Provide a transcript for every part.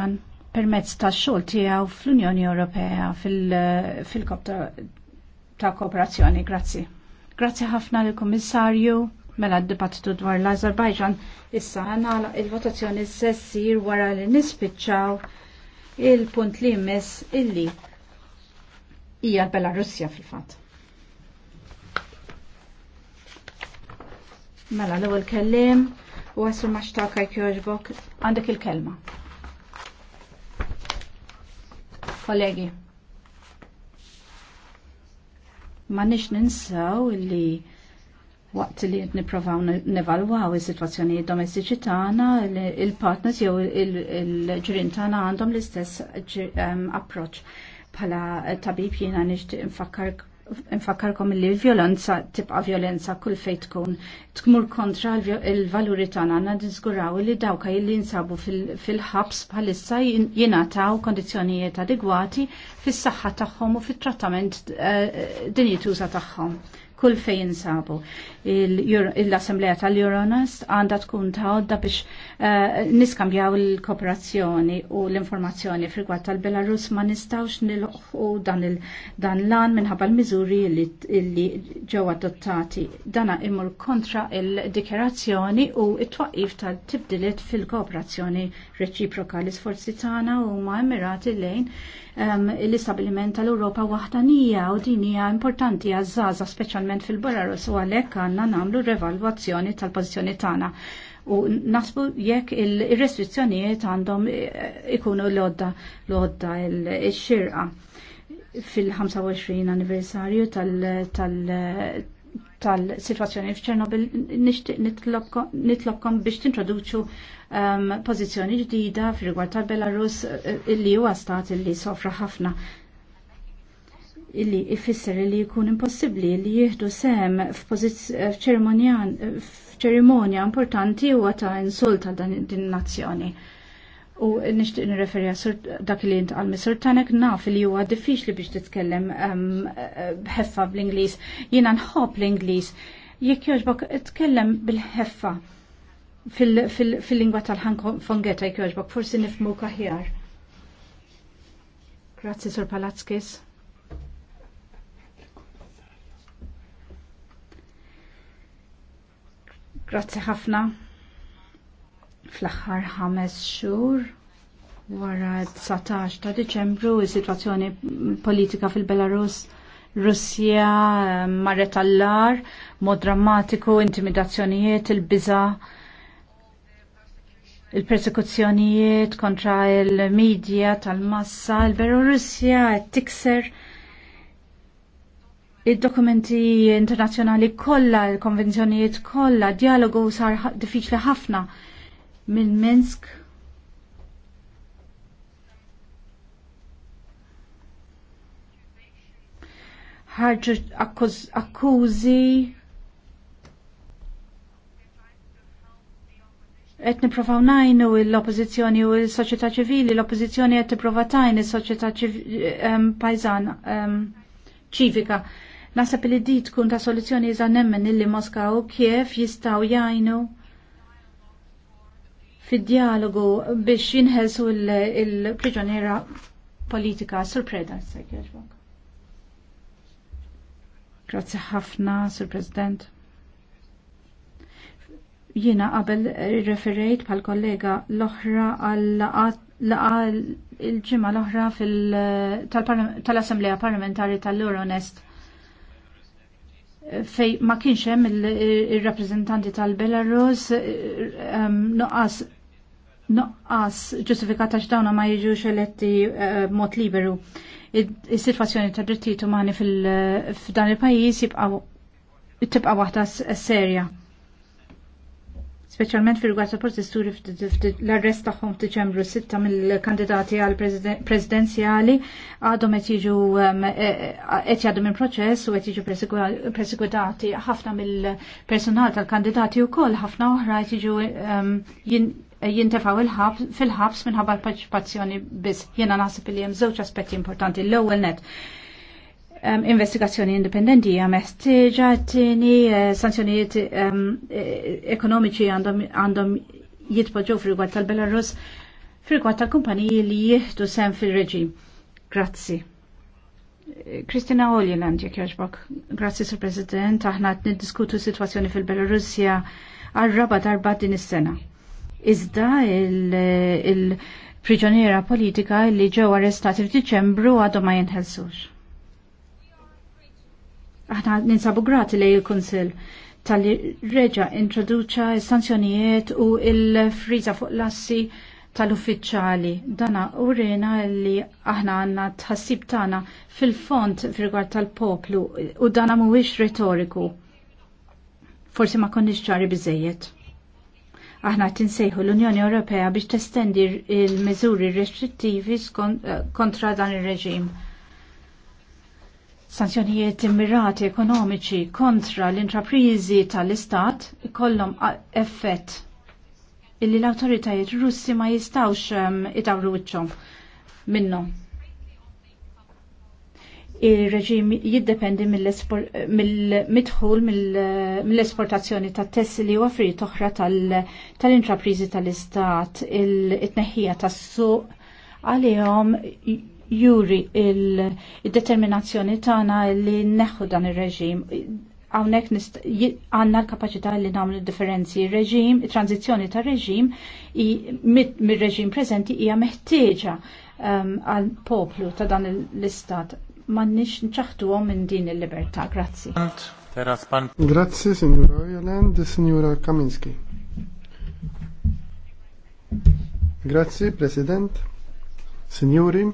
dan permezz ta' xogħol tiegħu fl-Unjoni Ewropea fil kopta ta' kooperazzjoni. Grazzi. Grazzi ħafna lill kummissarju mela d-dibattitu dwar l-Azerbajġan issa għanala il-votazzjoni s-sessir wara li nispiċċaw il-punt li jmiss illi hija l-Belarusja fil-fatt. Mela l-ewwel kelliem u għasru maċtaka jkjoġbok għandek il-kelma. kollegi. Ma nix ninsaw li waqt li niprofaw nevalwaw is situazzjoni domestiċi tagħna, il-partners jew il-ġirien tana għandhom l-istess approċċ bħala tabib jiena nixtieq infakkar nfakkarkom li l-violenza tibqa' violenza kull fejn tkun tkmur kontra l-valuri tagħna għandna niżguraw li dawk li jinsabu fil-ħabs bħalissa jingħataw kondizzjonijiet adegwati fis-saħħa tagħhom u fit-trattament eh, dinjituża tagħhom kull fejn jinsabu. L-Assemblea tal-Euronest għandha tkun ta' biex eh, niskambjaw il-kooperazzjoni u l-informazzjoni frigwat tal-Belarus ma nistawx nilħu dan l-an minħabba l-miżuri li ġew adottati. Dana imur kontra il-dikerazzjoni u it-twaqif tal-tibdilet fil-kooperazzjoni reċiproka l-isforzi tagħna huma emirati lejn ehm, l-istabiliment tal europa waħdanija u din hija importanti għaż-żaża ovvjament fil-Belarus u għalhekk għandna nagħmlu revalwazzjoni tal-pożizzjoni tagħna. U nasbu jekk il-restrizzjonijiet għandhom eh, ikunu l-odda l-odda il-xirqa fil-25 anniversarju tal- situazzjoni f'Ċernobil nitlobkom biex tintroduċu um, pożizzjoni ġdida fil rigward tal-Belarus eh, li huwa stat li sofra ħafna illi ifisser li jkun impossibbli li jieħdu sem f'ċerimonja importanti huwa ta' insult għal dan din nazzjoni. U nixtieq nirreferi dak li jint għalmi Misur Tanek naf li huwa diffiċli biex titkellem bħeffa ehm, bl-Ingliż. Jiena nħobb l-Ingliż. Jekk jogħġbok tkellem bil-ħeffa fil-lingwa tal-ħan fongeta jekk jogħġbok forsi nifmu kaħjar. Grazzi, Sur Palazzkis. Grazzi ħafna. Fl-aħħar ħames xhur wara 19 ta' Diċembru is-sitwazzjoni politika fil-Belarus Russja marret allar, mod drammatiku, intimidazzjonijiet, il-biża' il-persekuzzjonijiet kontra il-medja tal-massa, il-Belorussja tikser id-dokumenti internazzjonali kollha, il-konvenzjonijiet kollha, dialogu sar diffiċli ħafna minn Minsk ħarġu akkużi qed niprofaw najnu l-oppożizzjoni u l-soċjetà ċivili, l-oppożizzjoni qed tipprova tajn is-soċjetà ehm, pajzan ehm, ċivika. Um, Nasab li di tkun ta' soluzzjoni iżda nemmen illi Moska u Kiev jistaw jajnu fid-dialogu biex jinħelsu il-priġoniera politika surpreda s-sekjerġbok. Grazie ħafna, Sir President. Jiena qabel referejt pal kollega l-oħra għal il-ġimma l-oħra tal-Assemblea Parlamentari tal-Euronest fej ma kienx hemm il-rappreżentanti tal-Belarus eh, ehm, noqqas noqqas ġustifikata x'dawna ma jiġux eletti eh, b'mod liberu. Is-sitwazzjoni tad drittijiet umani f'dan il-pajjiż jibqa' tibqa' waħda serja specialment fil rigward protesturi l-arrest tagħhom ċembru sitta mill-kandidati għal presidenzjali għadhom qed jiġu um, e- e- qed jgħaddu minn proċess u qed jiġu persegwitati ħafna mill-personal tal-kandidati wkoll ħafna oħra qed jiġu um, jintefaw fil-ħabs minħabba l paċipazzjoni biss. Jiena nasib li hemm żewġ aspetti importanti. L-ewwel net um, investigazzjoni indipendenti hija meħtieġa uh, sanzjonijiet um, ekonomiċi għandhom jitpoġġew fil-rigward tal-Belarus fil-rigward tal-kumpaniji li jieħdu sem fil-reġim. Grazzi. Kristina Oljeland, jek jaġbok. Grazzi, Sir President, aħna qed niddiskutu situazzjoni fil-Belarusja għarraba darba din is-sena. Iżda il prigjoniera il politika li ġew arrestati f'Diċembru għadhom ma jinħelsux Aħna ninsabu grati li il-Konsil tal reġa introduċa sanzjonijiet u il-friza fuq lassi tal-uffiċjali. Dana u rena li aħna għanna tħassib tana fil-font fil tal-poplu u dana mhuwiex retoriku. Forsi ma konniex ċari biżejjed. Aħna tinsejħu l-Unjoni Ewropea biex testendi il-miżuri restrittivi eh, kontra dan ir-reġim sanzjonijiet immirati ekonomiċi kontra l-intraprizi tal-istat kollom effett illi l-autoritajiet russi ma jistawx idawru wiċċhom minnhom. Il-reġim jiddependi mill-midħul mill-esportazzjoni ta' tessili u għafri oħra tal-intraprizi tal-istat, il-tneħħija tas-suq għalihom juri il-determinazzjoni tagħna li neħħu dan ir-reġim għawnek għanna l-kapacità li namlu differenzi. Reġim, tranzizjoni ta' reġim, mir-reġim prezenti hija meħtieġa um, għal poplu ta' dan l-istat. Ma nix nċaħtu minn din il-libertà. Grazzi. Grazzi, signora Jolend, signora Kaminski. Grazzi, President, signori.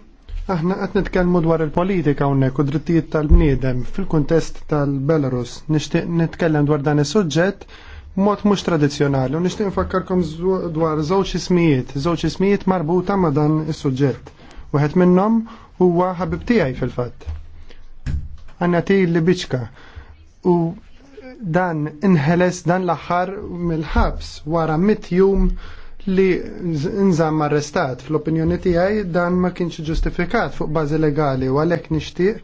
Aħna qed nitkellmu dwar il-politika hawnhekk u drittijiet tal-bniedem fil-kuntest tal-Belarus. Nixtieq nitkellem dwar dan is-suġġett mod mhux tradizzjonali u nixtieq nfakkarkom dwar żewġ ismijiet, żewġ ismijiet marbuta ma' dan is-suġġett. Wieħed minnhom huwa ħabib tiegħi fil-fatt. Annati li biċka u dan inħeles dan l-aħħar mill-ħabs wara mit jum li nżamm arrestat. Fl-opinjoni tiegħi dan ma kienx ġustifikat fuq bażi legali u għalhekk nixtieq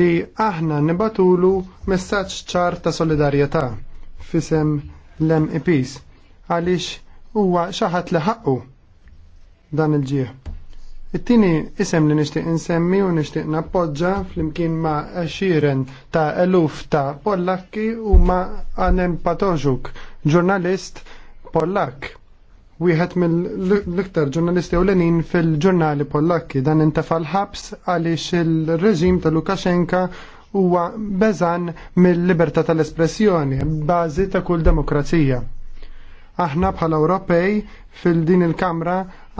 li aħna nibatulu messaġġ ċar ta' solidarjetà fisem l-MEPs għaliex huwa xi ħadd li ħaqqu dan il-ġieħ. it tieni isem li nixtieq insemmi u nixtieq nappoġġa flimkien ma' xiren ta' eluf ta' Pollakki u ma' Anem Patoġuk, ġurnalist Pollak. Wieħed mill-iktar ġurnalisti ewlenin fil-ġurnali Pollakki dan intefal ħabs għaliex il-reġim ta' Lukashenka huwa beżan mill-libertà tal-espressjoni, bażi ta' kull demokrazija. Aħna bħala Ewropej fil-din il-Kamra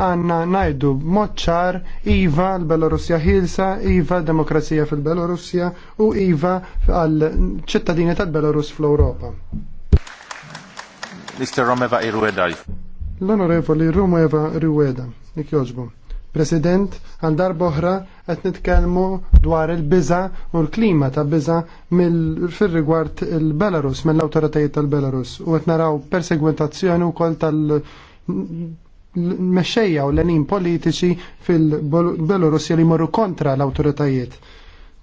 għanna najdu moċċar IVA l-Belorussja ħilsa, IVA demokrazija fil-Belorussja u IVA għal ċittadini tal-Belorus fl-Europa. Mr. Romeva Irwedaj. L-Onorevoli Romeva Irweda, dik joġbu. President, għal darba oħra qed nitkellmu dwar il-biża u l-klima ta' biża mill rigward il-Belarus, mill-awtoritajiet tal-Belarus u qed naraw persegwentazzjoni wkoll tal- mexxejja u l-enin politiċi fil belarus li morru kontra l-awtoritajiet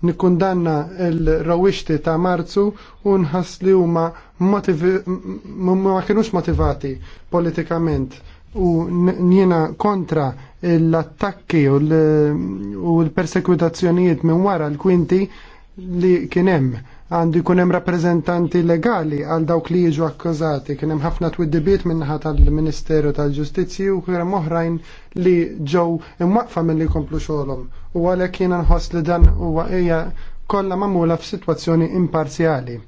nikkundanna l rawishti ta' marzu u nħass li huma ma kienux motivati politikament u njena kontra l-attakki u l-persekwitazzjonijiet minn wara l-kwinti li kienem. hemm għandu jkun hemm rappreżentanti legali għal dawk li jiġu akkużati. Kien hemm ħafna twiddibiet minnaħa tal-Ministeru tal-Ġustizzji u kien hemm oħrajn li ġew imwaqfa milli jkomplu xogħolhom. U għalhekk jiena nħoss li dan huwa hija kollha magħmula f'sitwazzjoni imparzjali.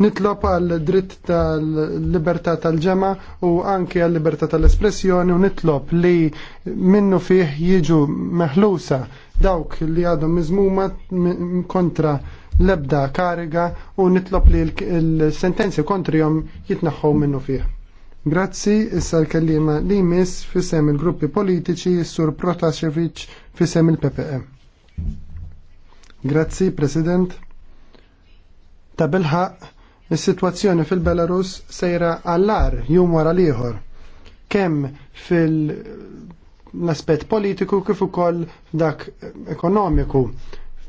Nitlob għal dritt tal-libertà tal-ġema u anke għal libertà tal-espressjoni u nitlob li minnu fih jiġu meħlusa dawk li għadhom miżmuma kontra l-ebda kariga u nitlob li l-sentenzi kontrihom jitnaħħu minnu fih. Grazzi, issa l-kellima li mis fissem il-gruppi politiċi sur Protasevic fissem il-PPE. Grazzi, President. Ta' Is-sitwazzjoni fil-Belarus sejra għallar jum wara liħor, kemm fil-aspett politiku kif ukoll dak ekonomiku.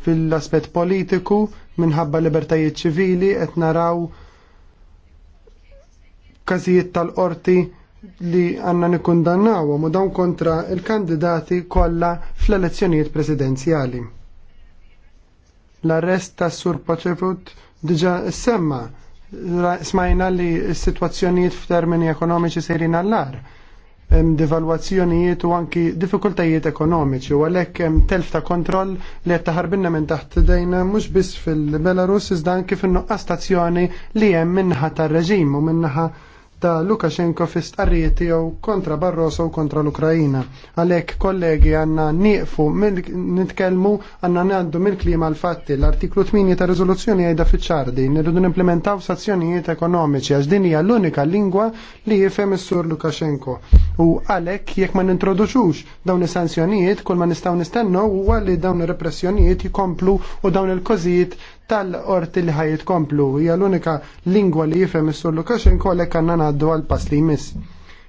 Fil-aspett politiku minħabba libertajiet ċivili qed naraw każijiet tal-qorti li għanna nikundannaw u dawn kontra il-kandidati kollha fl-elezzjonijiet presidenzjali. L-arrest ta' Sur Paċevut diġa semma smajna li s-situazzjonijiet f'termini ekonomiċi sejrin għallar devalwazzjonijiet u anki difikultajiet ekonomiċi u għalhekk hemm telf ta' kontroll li qed taħarbinna minn taħt dejna mhux biss fil-Belarus iżda anki fin-nuqqas stazzjoni li hemm minnaħa tar-reġim u minnaħa ta' Lukashenko fi stqarrijiet tiegħu kontra Barroso u kontra l-Ukrajina. Għalhekk kollegi għandna nieqfu nitkellmu għandna ngħaddu mill-klima l fatti L-artiklu 8 ta' riżoluzzjoni għajda fiċ-ċardi nirridu nimplementaw sazzjonijiet ekonomiċi għax din hija l-unika lingwa li jifhem is-sur Lukashenko. U għalhekk jekk ma nintroduċux dawn is-sanzjonijiet kull ma nistgħu nistennu huwa li dawn ir-repressjonijiet jikomplu u dawn il-kożijiet tal-qorti li ħajt komplu hija l-unika lingwa li jifhem is-sur Lukashenko għalhekk għandna ngħaddu għal pass li jmiss.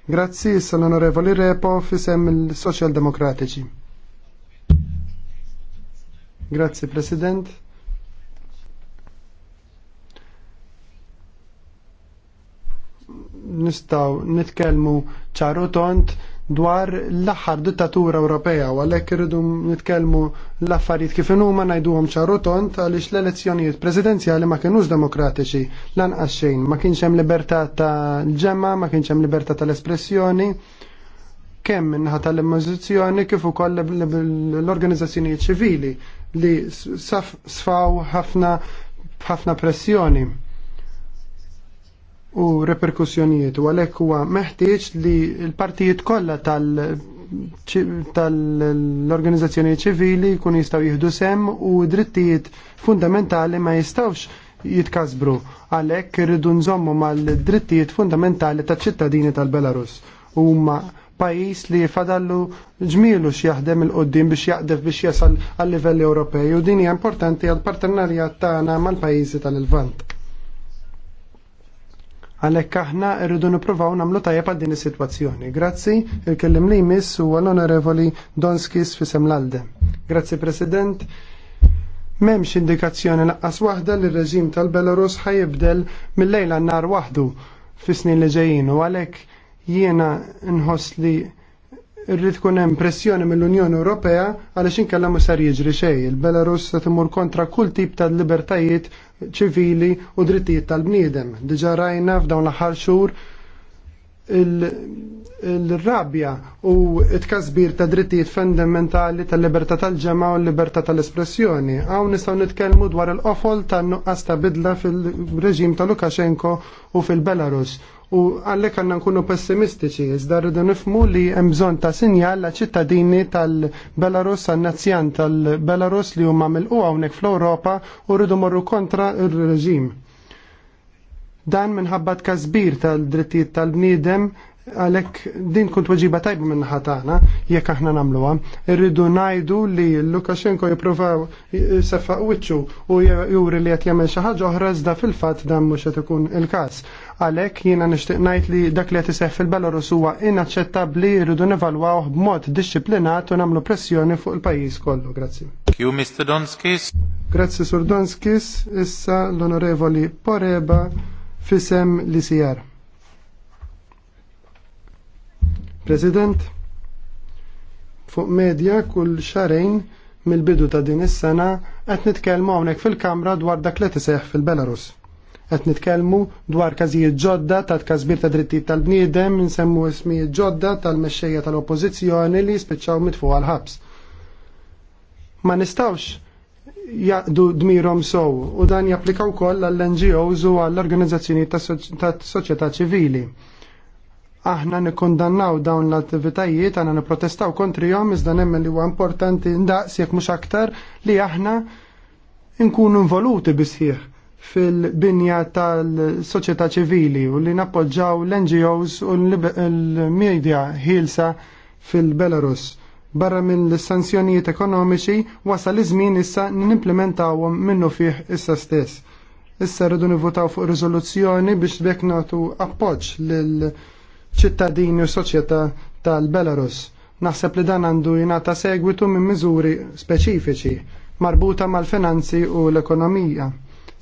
Grazzi, sal-onorevoli Repo, fisem il-Soċjaldemokratiċi. Grazzi, President. nistaw nitkellmu ċaru tont dwar l-aħħar dittatura Ewropea u għalhekk irridu nitkellmu l-affarijiet kif huma ngħiduhom ċarotont għaliex l-elezzjonijiet presidenzjali ma kinux demokratiċi lanqas xejn, ma kienx hemm libertà ta' ġemma, ma kienx hemm libertà tal-espressjoni kemm minnaħa tal-immożizzjoni kif ukoll l-organizzazzjonijiet ċivili li sfaw ħafna ħafna pressjoni u reperkussjonijiet u għalhekk huwa meħtieġ li l-partijiet kollha tal tal ċivili kun jistaw jihdu sem u drittijiet fundamentali ma jistawx jitkasbru għalek rridu nżommu mal-drittijiet fundamentali ta' ċittadini tal-Belarus u ma pajis li fadallu ġmilu x'jaħdem il-qoddim biex jaqdef biex jasal għal livell Ewropej u din hija importanti għal partenarjat tagħna mal-pajjiżi tal-Lvant. Għalhekk aħna rridu nippruvaw nagħmlu tajjeb għal din is-sitwazzjoni. Grazzi, il-kellim li jmiss huwa għall onorevoli Donskis fisem l-Alde. Grazzi President. M'hemmx indikazzjoni naqqas waħda li r-reġim tal-Belarus ħajibdel mill-lejla nar waħdu fis-snin li ġejjin u għalhekk jiena nħoss li irrid kun hemm pressjoni mill-Unjoni Ewropea għaliex inkella ma sar jiġri xejn. Il-Belarus se timur kontra kull tip ta' libertajiet ċivili u drittijiet tal-bniedem. Diġà rajna f'dawn l-aħħar xhur il-rabja u t tkasbir ta' drittijiet fundamentali tal-libertà tal-ġema u l-libertà tal-espressjoni. Hawn nistgħu nitkellmu dwar il-qofol tan nuqqas ta' bidla fil-reġim ta' Lukashenko u fil-Belarus U għallek għanna nkunu pessimistiċi, iżda rridu nifmu li hemm bżonn ta' sinjal la ċittadini tal-Belarus għan-nazzjan tal-Belarus li huma u hawnhekk fl-Ewropa u rridu morru kontra il reġim Dan minħabba kazbir tal-drittijiet tal-bniedem għalek din kunt weġiba tajbu minn ħatana, jekk aħna namluwa, irridu najdu li Lukashenko jiprofaw seffa wiċċu u juri li għat jamel xaħġa oħra zda fil-fat dan mux ikun il-kas. Għalhekk jiena nixtieq ngħid li dak li qed fil-Belarus huwa inaċċettabbli jridu nevalwaw b'mod disciplinat u nagħmlu pressjoni fuq il-pajjiż kollu. Grazzi. Kju Mr. Donskis. Grazzi Sur Donskis, issa l-Onorevoli Poreba fisem li sijar. President, fuq medja kull xarejn mill-bidu ta' din is-sena qed nitkellmu hawnhekk fil-Kamra dwar dak li tiseħħ fil-Belarus. Qed nitkellmu dwar każijiet ġodda ta' tkasbir ta' drittijiet tal-bniedem, insemmu ismijiet ġodda tal-mexxejja tal-Oppożizzjoni li spiċċaw mitfu għal-ħabs. Ma nistawx jaqdu dmirhom sow u dan japplikaw wkoll għall-NGOs u għall-organizzazzjoni tas soċjetà ċivili aħna nikkondannaw dawn l-attivitajiet, aħna niprotestaw kontrihom iżda nemmen li huwa importanti ndaqs jekk mhux aktar li aħna nkunu involuti bisħieħ fil-binja tal-soċjetà ċivili u li nappoġġaw l-NGOs u l-medja ħilsa fil-Belarus. Barra minn l-sanzjonijiet ekonomiċi wasal iż-żmien issa nimplementawhom minnu fih issa stess. Issa rridu nivvotaw fuq riżoluzzjoni biex bekk nagħtu appoġġ lil ċittadini u soċjetà tal-Belarus. Naħseb li dan għandu jingħata segwitu minn miżuri speċifiċi marbuta mal-finanzi u l-ekonomija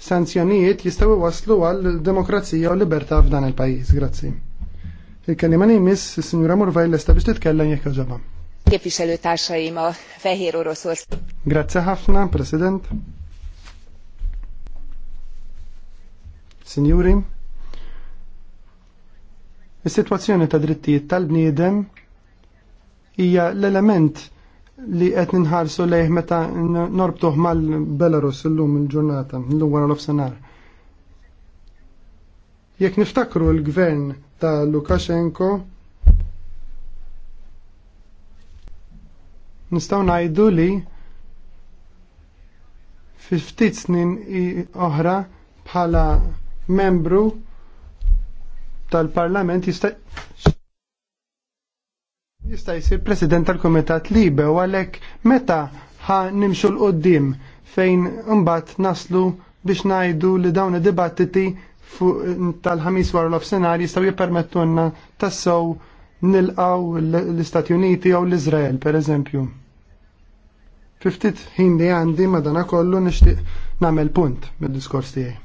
sanzjonijiet jistgħu waslu għal demokrazija u libertà f'dan il-pajjiż. Grazzi. Il-kelima nimis, signora Murvaj, l-esta biex titkellem jekk ġaba. Képviselőtársaim a Fehér Oroszország. Grazie ħafna, President. Signori, is-sitwazzjoni ta' drittijiet tal-bniedem hija l-element li qed ninħarsu lejh meta norbtuh mal-Belarus illum il-ġurnata, l-lum wara l-ofsenar. Jekk niftakru l-gvern ta' Lukashenko nistgħu ngħidu li fi ftit snin oħra bħala membru tal-Parlament jista' jista' jsir President tal-Kumitat Libe u għalhekk meta ħa nimxu l-qoddim fejn imbagħad naslu biex ngħidu li dawn id-dibattiti tal-ħamis wara l-offsenar jistgħu jippermettuna tassew nilqaw l-Istati Uniti jew l iżrael per eżempju. Fiftit ħin li għandi madana kollu nixtieq nagħmel punt mid-diskors tiegħi.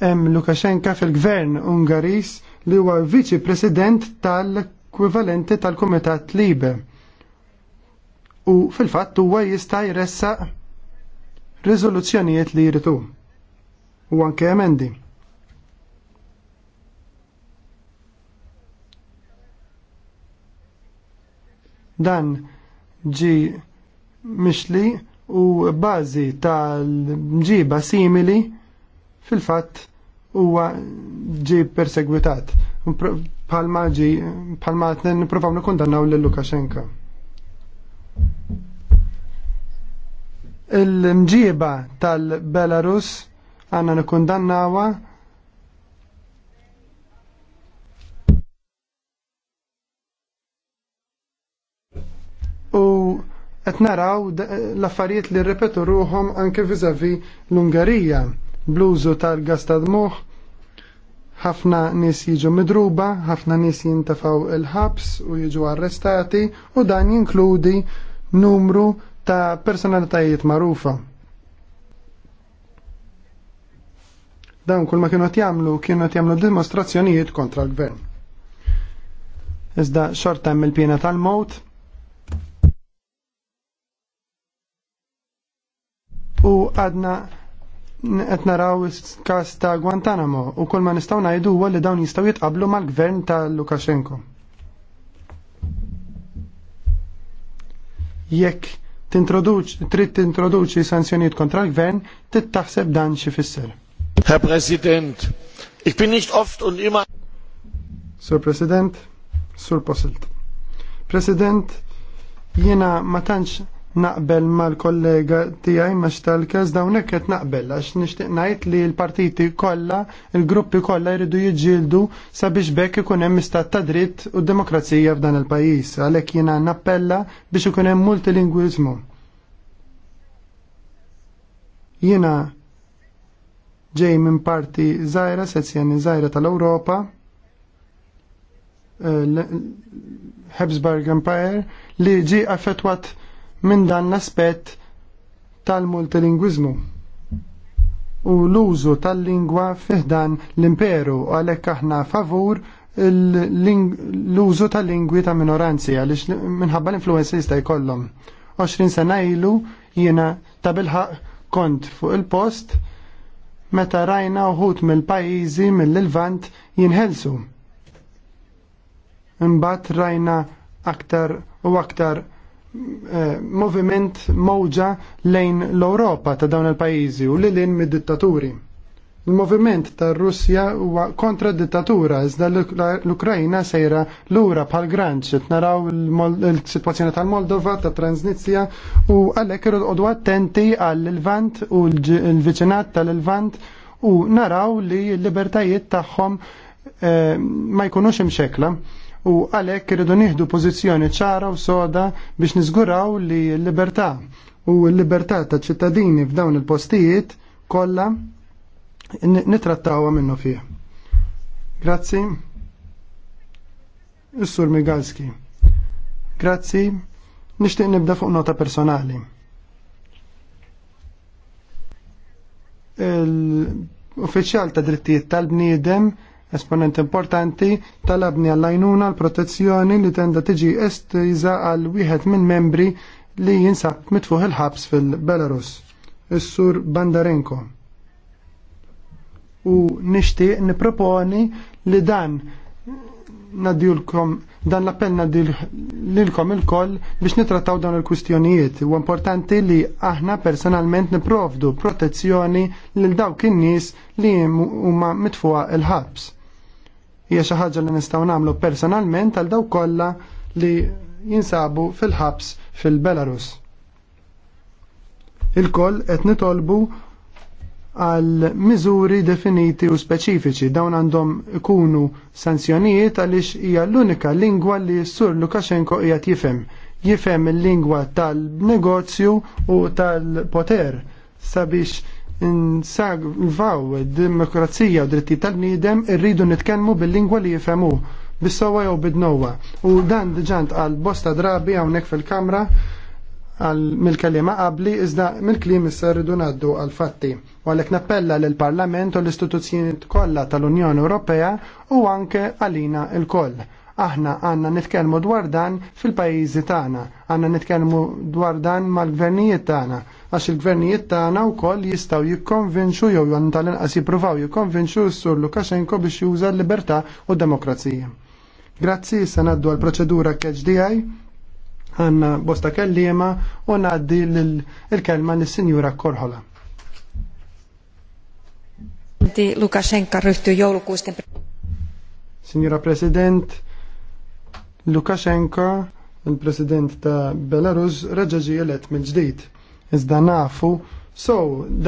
hemm Lukashenka fil-gvern Ungaris li huwa viċi president tal-ekwivalenti tal-Kumitat Libe. U fil-fatt huwa jista' jressaq riżoluzzjonijiet li jritu u anke emendi. Dan ġi mixli u bażi tal-mġiba simili fil-fatt huwa ġi perseguitat. Palma ġi, palma għatnen niprofaw nikondannaw l-Lukashenka. Il-mġiba tal-Belarus għanna nikondannawa u qed naraw l-affarijiet li ripetu ruhom anke vizavi l-Ungarija bluzu tal-gas tad-muħ, ħafna nis jiġu midruba, ħafna nis jintafaw il-ħabs u jiġu arrestati u dan jinkludi numru ta' personalitajiet marufa. Dan kull ma kienu jamlu kienu jamlu dimostrazzjonijiet kontra l-gvern. Iżda xorta il pjena tal-mot, u għadna qed naraw każ ta' Guantanamo u kol ma nistgħu najdu għu li dawn jistgħu jitqablu mal-gvern ta' Lukashenko. Jekk trid tintroduċi sanzjonijiet kontra l-gvern, tittaħseb dan xi fisser. Herr President, ich bin nicht oft und immer Sur President, Sur Posselt. President, jena ma tantx naqbel mal-kollega tiegħi ma xtalkes dawnek qed naqbel għax nixtieq ngħid li l-partiti kollha, il-gruppi kollha jridu jiġġieldu sabiex bekk ikun hemm istat ta' dritt u demokrazija f'dan il-pajjiż, għalhekk jiena nappella biex ikun hemm multilingwiżmu. Jiena ġej minn parti żgħira, sezzjoni żgħira tal-Ewropa, eh, Habsburg Empire li ġi affettwat minn dan l-aspett tal-multilingwiżmu u l-użu tal-lingwa fiħdan l-imperu għalek għalhekk aħna favur l-użu tal-lingwi ta' minoranzi għalix minħabba l-influenza jista' jkollhom. 20 sena ilu jiena ta' bilħaq kont fuq il-post meta rajna uħut mill-pajjiżi mill-Levant jinħelsu. Imbagħad rajna aktar u aktar Eh, moviment mowġa lejn l-Europa ta' dawn il-pajizi u li mid-dittaturi. Il-moviment ta' Russja huwa kontra dittatura iżda l ukrajina sejra lura pal granċ naraw il-sitwazzjoni tal-Moldova, ta' Transnistria u għalhekk irqodu attenti għall-Lvant u l-viċinat tal-Lvant u naraw li l-libertajiet tagħhom eh, ma jkunux imxekla u għalhekk irridu nieħdu pożizzjoni ċara u soda biex niżguraw li l-libertà u l-libertà ta' ċittadini f'dawn il-postijiet kollha nitrattawha minnu fih. Grazzi. Is-Sur Migalski. Grazzi. Nixtieq nibda fuq nota personali. l uffiċjal ta' drittijiet tal-bniedem Esponent importanti talabni għall-għajnuna l-protezzjoni li tenda tiġi estiza għal wieħed minn membri li jinsab mitfuħ il-ħabs fil-Belarus, is-sur Bandarenko. U nixtieq niproponi li dan nadjulkom dan l-appell nadjulkom il-koll biex nitrattaw dan il-kustjonijiet. U importanti li aħna personalment niprovdu protezzjoni lil dawk in-nies li huma mitfuqa il-ħabs hija xi ħaġa li nistgħu nagħmlu personalment għal dawk kollha li jinsabu fil-ħabs fil-Belarus. Il-koll qed nitolbu għal miżuri definiti u speċifiċi dawn għandhom ikunu sanzjonijiet għaliex hija l-unika lingwa li s-sur Lukashenko qiegħed jifhem. Jifhem il-lingwa tal-negozju u tal-poter sabiex nsagvaw id-demokrazija u dritti tal-bniedem irridu nitkellmu bil-lingwa li jifhemu bis-sowa jew bid-nowa. U dan diġant għal bosta drabi hawnhekk fil-kamra għal mill-kelima qabli iżda mill-klim issa rridu ngħaddu għal fatti. U għalhekk nappella lil parlament u l-istituzzjonijiet kollha tal-Unjoni Ewropea u anke għalina l-koll. Aħna għanna nitkellmu dwar dan fil-pajjiżi tagħna, għanna nitkellmu dwar dan mal-gvernijiet tagħna għax il-gvernijiet tagħna wkoll jistgħu jikkonvinċu jew jon tal-inqas jippruvaw jikkonvinċu s-sur Lukashenko biex juża l-libertà u d-demokrazija. Grazzi, se ngħaddu għall proċedura KHDI għanna bosta kellima u ngħaddi l-kelma lis-Sinjura Korhola. Lukashenka Signora President, Lukashenko, il-President ta' Belarus, raġaġi jelet mill-ġdid. Iżda nafu, so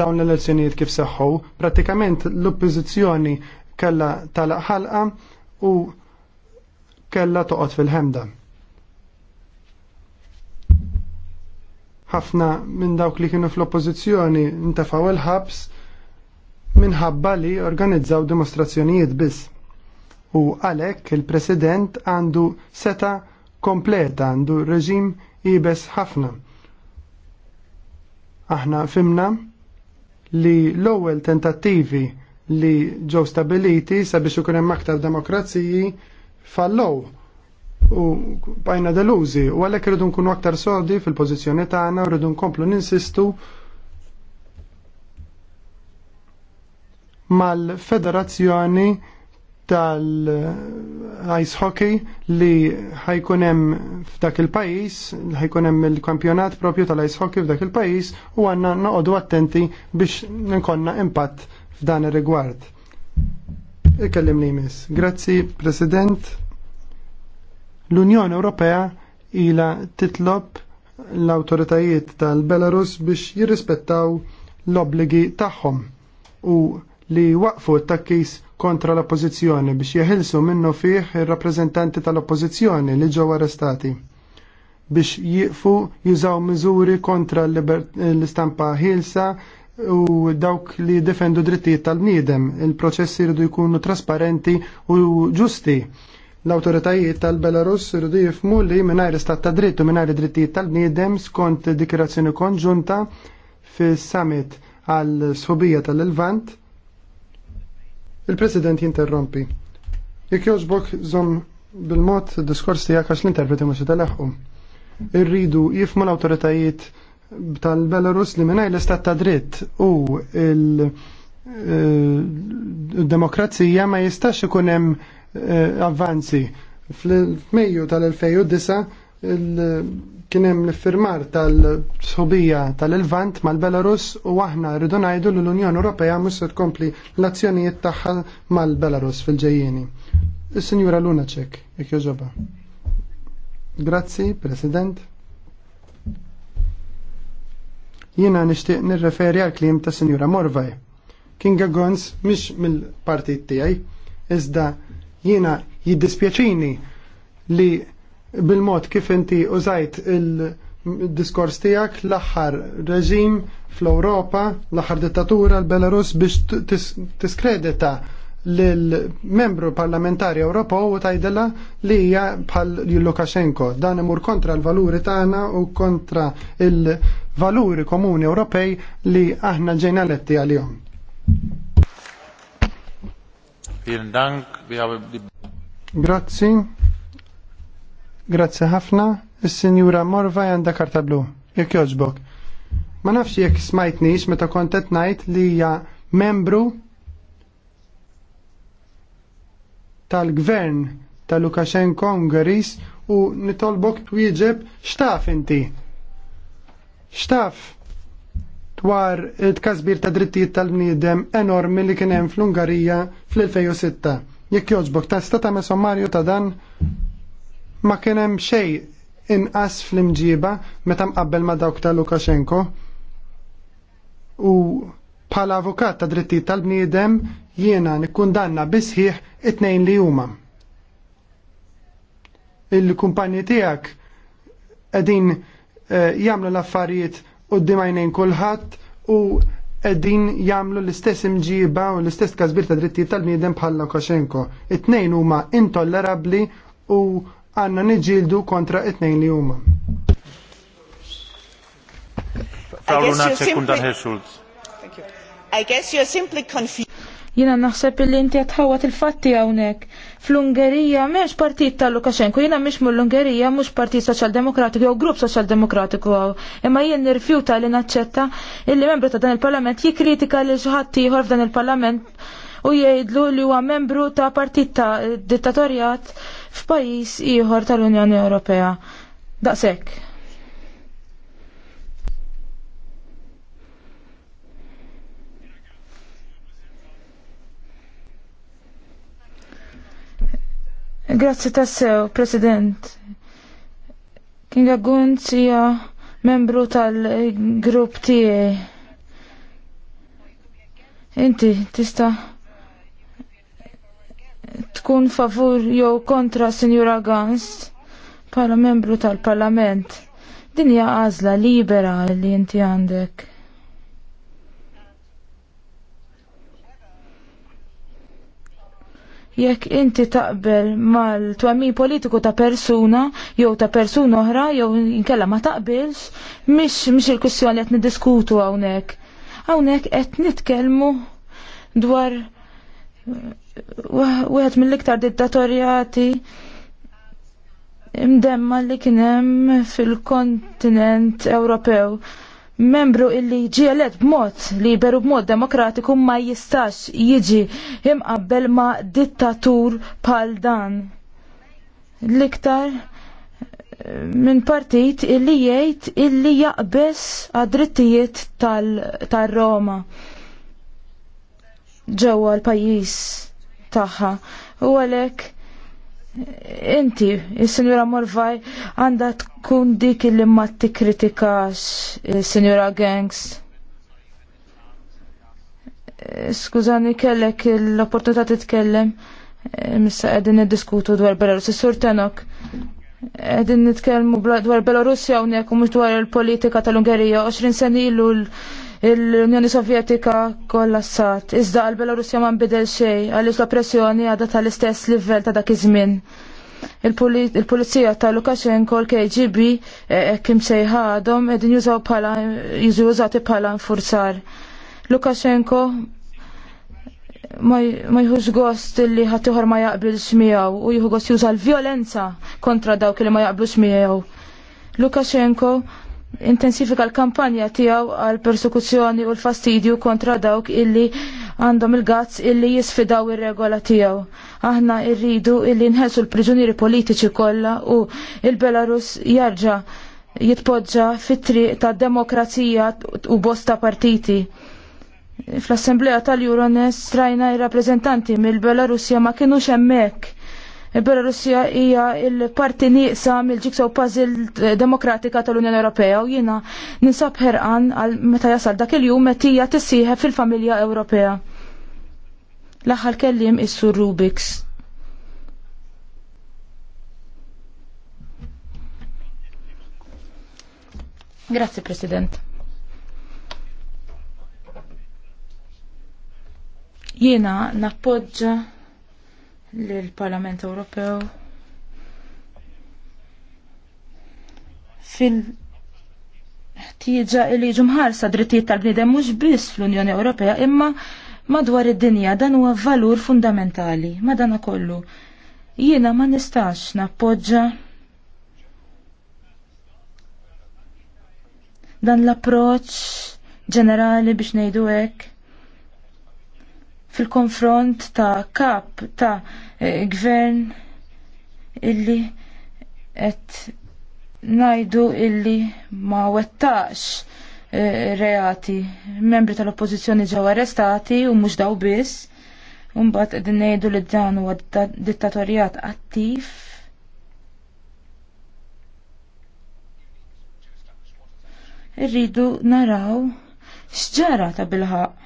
dawn l-elezzjonijiet kif seħħu, pratikament l-oppożizzjoni kella talaq ħalqa u kella toqgħod fil-ħemda. ħafna minn dawk li kienu fl-oppożizzjoni ntefgħu il-ħabs minħabba li organizzaw dimostrazzjonijiet biss. U għalhekk il-President għandu seta kompleta, għandu reġim ibes ħafna. Aħna fimna li l-ewwel tentattivi li ġew stabiliti sabiex ikun hemm aktar demokraziji fallow u bajna delużi u għalhekk irridu nkunu aktar sordi fil-pożizzjoni tagħna u rridu nkomplu ninsistu mal-federazzjoni tal-ice hockey li ħajkunem f'dak il-pajis, ħajkunem il-kampjonat propju tal-ice hockey f'dak il-pajis u għanna noqodu attenti biex nkonna impatt f'dan ir-rigward. Ikellim li jmiss. Grazzi, President. L-Unjoni Ewropea ila titlob l-autoritajiet tal-Belarus biex jirrispettaw l-obligi tagħhom u li waqfu t-takkis kontra l-oppożizzjoni biex jeħilsu minnu fih ir-rappreżentanti tal-oppożizzjoni li ġew arrestati biex jiqfu jużaw miżuri kontra l-istampa ħilsa u dawk li defendu drittijiet tal-bniedem. Il-proċessi jridu jkunu trasparenti u ġusti. L-autoritajiet tal-Belarus jridu jifmu li mingħajr istat ta' dritt u mingħajr drittijiet tal-bniedem skont dikirazzjoni konġunta fis summit għal sħubija tal-Levant Il-President jinterrompi. Jek jozbok zom bil-mod diskors tijak għax l-interpreti mux id eħu Irridu jifmu l-autoritajiet tal-Belarus li minnaj l-istat ta' dritt u il-demokrazija eh, ma jistax ikunem eh, avvanzi. Fl-Mejju tal-2009 il kien hemm l-firmar tal-sħobija tal-Elvant mal-Belarus u aħna rridu ngħidu l unjoni Ewropea mhux se tkompli l-azzjonijiet tagħha mal-Belarus fil-ġejjieni. Is-Sinjura Lunaċek jekk jogħġobha. Grazzi, President. Jiena nixtieq nirreferi għal klim ta' Sinjura Morvaj. Kinga Gons mhix mill-partit tiegħi, iżda jiena jiddispjaċini li bil-mod kif inti użajt il-diskors tijak l axar reġim fl-Europa, l axar dittatura l-Belarus biex tiskredita l-membru parlamentari Ewropew u tajdela li hija bħal Lukashenko. Dan imur kontra l-valuri tagħna u kontra il-valuri komuni Ewropej li aħna ġejna letti għalihom. Vielen Grazzi. Grazzi ħafna, il sinjura Morva għandha karta blu, jekk jogħġbok. Ma nafx jekk smajtnix meta kont qed ngħid li hija membru tal-gvern ta' Lukashenko Ungaris u nitolbok twieġeb xtaf inti. Xtaf dwar il kazbir ta' drittijiet tal-bniedem enormi li kien hemm fl-Ungarija fl-2006. Jekk jogħġbok, stata me sommarju ta' dan ma kien hemm xejn inqas fl-imġiba meta mqabbel ma dawk ta' Lukashenko u bħala avukat ta' drittijiet tal-bniedem jiena nikkundanna bisħiħ it-tnejn li huma. Il-kumpanji tiegħek qegħdin eh, jagħmlu l-affarijiet quddiem għajnejn kulħadd u qegħdin jagħmlu l-istess imġiba u l-istess każbir ta' drittijiet tal-bniedem bħal Lukashenko. It-tnejn huma intollerabbli u għanna nġildu kontra it-nejn li huma. I guess you're simply confused. Jina naħseb li inti għatħawat il-fatti għawnek. Fl-Ungerija miex partit tal Lukashenko, jina miex mill-Ungerija, mux partit soċal-demokratiku jew grupp soċal-demokratiku għaw. Imma jien nirfjuta li naċċetta illi membru ta' dan il-parlament jikritika li xaħat jħorf dan il-parlament u jgħidlu li huwa membru ta' partit ta' dittatorjat f'pajjiż ieħor tal-Unjoni Ewropea. Daqshekk. Grazzi tassew, President. Kinga Gunz hija membru tal-grupp tiegħi. Inti tista' tkun favur jew kontra Sinjura Gans bħala membru tal-Parlament. Din hija għażla libera li inti għandek. Jekk inti taqbel mal twami politiku ta' persuna jew ta' persuna oħra jew inkella ma taqbilx, mhix mhix il-kwistjoni qed niddiskutu hawnhekk. Hawnhekk qed nitkellmu dwar Wieħed mill-iktar dittatorjati imdemma li kien hemm fil-kontinent Ewropew. Membru illi ġie elett b'mod liberu b'mod demokratiku ma jistax jiġi imqabbel ma' dittatur bħal dan. L-iktar minn partit illi jgħid illi jaqbes għad-drittijiet tal-Roma. tal roma ġewwa l-pajjiż tagħha. U għalhekk inti, is-Sinjura Morvaj, għandha tkun dik li ma tikkritikax is-Sinjura Gangs. Skużani kellek l-opportunità titkellem, missa qegħdin niddiskutu dwar Belarus. Is-Sur Tenok, qegħdin nitkellmu dwar Belarusja hawnhekk u mhux dwar il-politika tal-Ungerija 20 sen ilu l- l-Unjoni Sovjetika kollassat. Iżda għal-Belarusja ma nbidel xej għaliex l-oppressjoni għadha tal-istess livell ta' dak iż-żmien. Il-pulizija ta' Lukashenko l-KGB e, e, kim sejħa għadhom qegħdin jużaw bħala jużati bħala nfurzar. Lukashenko ma jħuġ gost li ħatiħor ma jaqbilx miegħu u jħuġ gost juża l-violenza kontra dawk li ma jaqblux miegħu. Lukashenko intensifika l-kampanja tiegħu għal persekuzzjoni u l-fastidju kontra dawk illi għandhom il-gazz illi jisfidaw ir-regola tiegħu. Aħna rridu illi nħelsu l-priġunieri politiċi kollha u il-Belarus jarġa' jitpoġġa fit-triq ta' demokrazija u bosta partiti. Fl-Assemblea tal-Eurones trajna i rappreżentanti mill-Belarusja ma kinux hemmhekk Belarusja hija il-parti nieqsa mill-ġiksaw pażil demokratika tal-Unjoni Ewropea u jiena ninsab ħerqan għal meta jasal dak il-jum meta hija tissieħeb fil-familja Ewropea. L-aħħar kellim is-Sur Rubiks. Grazie President. Jiena nappoġġa l-Parlament Ewropew fil-ħtieġa li mħarsa drittijiet tal-bniedem mhux biss fl-Unjoni Ewropea imma madwar id-dinja dan huwa valur fundamentali madana kollu. Jiena ma nistax nappoġġa dan l approċċ ġenerali biex ngħidu hekk fil-konfront ta' kap ta' eh, gvern illi qed ngħidu illi ma wettax eh, reati. Membri tal-oppożizzjoni ġew arrestati u mhux daw biss. Mbagħad qegħdin ngħidu li dan huwa dittatorjat attiv. Irridu naraw x'ġara ta' bilħaq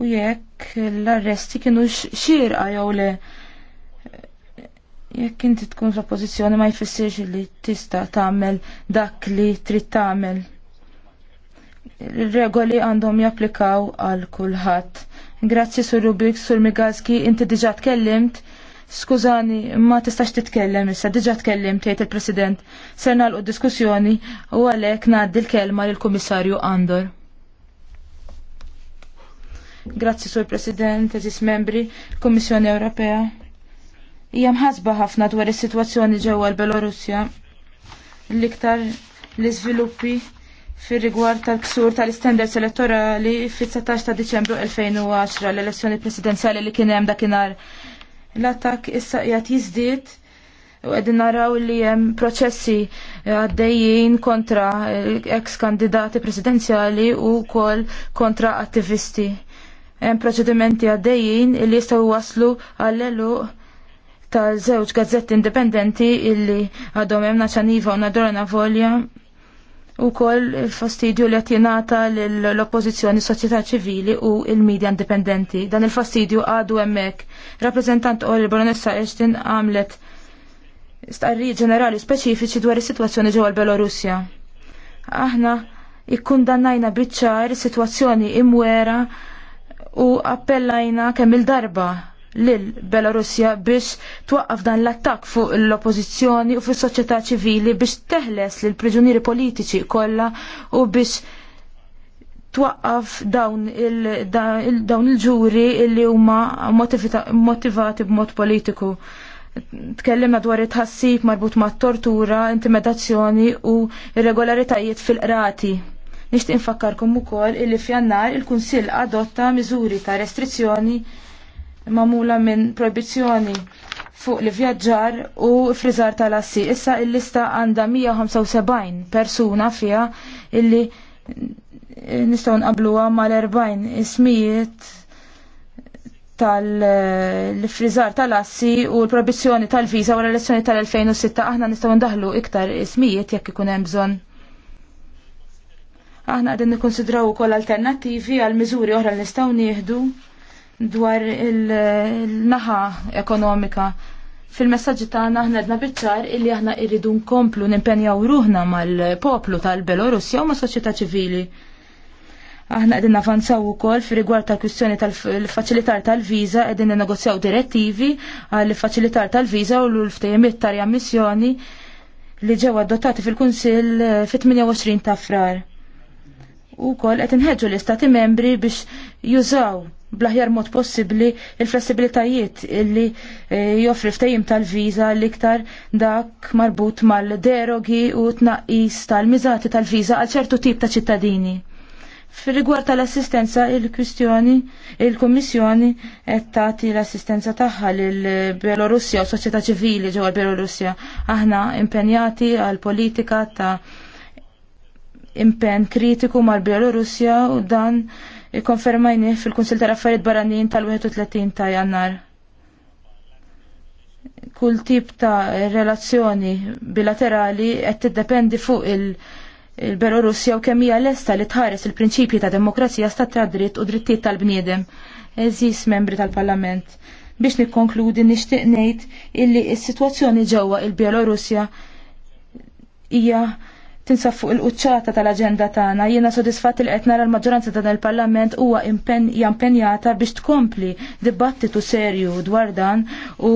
u jekk l-arresti kienu xirqa jew le jekk inti tkun pożizzjoni ma jfissirx li tista' tagħmel dak li trid tagħmel. Ir-regoli għandhom japplikaw għal kulħadd. Grazzi sur Rubik, sur Migalski, inti diġà tkellimt. Skużani, ma tistax titkellem issa, diġà tkellimt tgħid il-President. Ser nagħlqu diskussjoni u għalhekk ngħaddi l-kelma lill-Kummissarju Andor. Grazzi Sur President, eżis membri, Kommissjoni Ewropea. Hija ħasba ħafna dwar is-sitwazzjoni ġewwa l-Belorussja. L-iktar l-iżviluppi fir-rigward tal-ksur tal istenders elettorali fit-19 ta' Diċembru 2010 l-elezzjoni presidenzjali li kien hemm dakinhar. L-attakk issa qiegħed jiżdied u għedin naraw li jem proċessi għaddejjien kontra eh, ex kandidati presidenziali u kol kontra attivisti hemm proċedimenti għaddejjin li jistgħu waslu għall-elu tal-żewġ gazzetti indipendenti illi għadhom hemm naċaniva u nadorna volja u koll fastidju li għatjenata l-oppozizjoni soċjetà ċivili u il-medja indipendenti. Dan il-fastidju għadu emmek. Rappresentant Ori Baronessa Eshtin għamlet starri ġenerali speċifiċi dwar is-sitwazzjoni ġewwa l-Belorussja. Aħna ikkundannajna biċċar is-sitwazzjoni imwera u appellajna kemm il-darba lil Belarusja biex twaqqaf dan l-attak fuq l-oppozizjoni u fis soċjetà ċivili biex teħles lil priġunieri politiċi kollha u biex twaqqaf dawn il-ġuri il li huma motivati b'mod politiku. Tkellimna dwar it-ħassib marbut ma' tortura, intimidazzjoni u irregolaritajiet fil-qrati. Nixtieq infakkarkom ukoll illi f'jannar il-Kunsill adotta miżuri ta' restrizzjoni mamula minn proibizzjoni fuq li vjaġġar u friżar tal-assi. Issa il-lista għandha 175 persuna fiha illi nistgħu nqabluha mal-40 ismijiet tal-frizar tal-assi u l-proibizzjoni tal viża wara l-elezzjoni tal-2006 aħna nistgħu ndaħlu iktar ismijiet jekk ikun hemm bżonn. Aħna għadin nikonsidraw ukoll alternattivi għal miżuri oħra li nistgħu nieħdu dwar il-naħa ekonomika. Fil-messagġi tagħna aħna qedna biċċar illi aħna irridu nkomplu nimpenjaw ruħna mal-poplu tal-Belorussja u ma' soċjetà ċivili. Aħna qegħdin navanzaw ukoll fir-rigward tal-kwistjoni tal-faċilitar tal-viża qegħdin negozjaw direttivi għall faċilitar tal-viża u l ftajemiet ta' riammissjoni li ġew adottati fil-Kunsill fit-28 ta' frar u kol qed nħedġu l-istati membri biex jużaw blaħjar mod possibbli il-flessibilitajiet illi eh, joffri ftajim tal-viża l-iktar dak marbut mal-derogi u tnaqqis tal-miżati tal viza għal ċertu tip ta' ċittadini. Fil-rigward tal-assistenza, il-kwistjoni, il-Kommissjoni qed tagħti l-assistenza tagħha lil Belorussja u soċjetà ċivili ġewwa Belorussja. Aħna impenjati għal politika ta' impen kritiku mal-Bielorussja u dan ikkonfermajni fil-Kunsil tal-Affarijiet Barranin tal-31 ta' Jannar. Kull tip ta' relazzjoni bilaterali qed tiddependi fuq il-Belorussja u kemm hija lesta li tħares il-prinċipji ta' demokrazija stat ta' dritt u drittijiet tal-bniedem. Eżis membri tal-Parlament. Biex nikkonkludi nixtieq ngħid illi s-sitwazzjoni ġewwa il-Bielorussja hija tinsab fuq il-quċċata tal-aġenda tagħna. Jiena sodisfatt li qed nara l-maġġoranza ta' il-Parlament huwa jampenjata biex tkompli dibattitu serju dwar dan u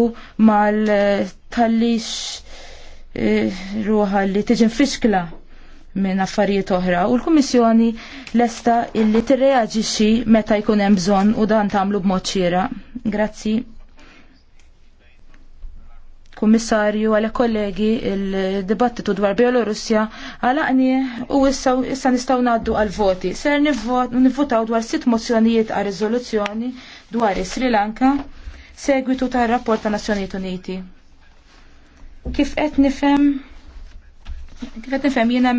mal eh, tallix eh, ruħa li tiġi fiskla minn affarijiet oħra u l-Kummissjoni lesta illi tirreaġixxi meta jkun hemm bżonn u dan tagħmlu b'mod xieraq. Grazzi kummissarju għal kollegi il-dibattitu dwar Bielorussja għalaqni u issa, nistaw naddu għal voti. Ser nivvotaw dwar sitt mozzjonijiet għal riżoluzzjoni dwar Sri Lanka segwitu ta' rapport ta' Nazzjonijiet Uniti. Kif qed nifhem kif qed nifhem jiena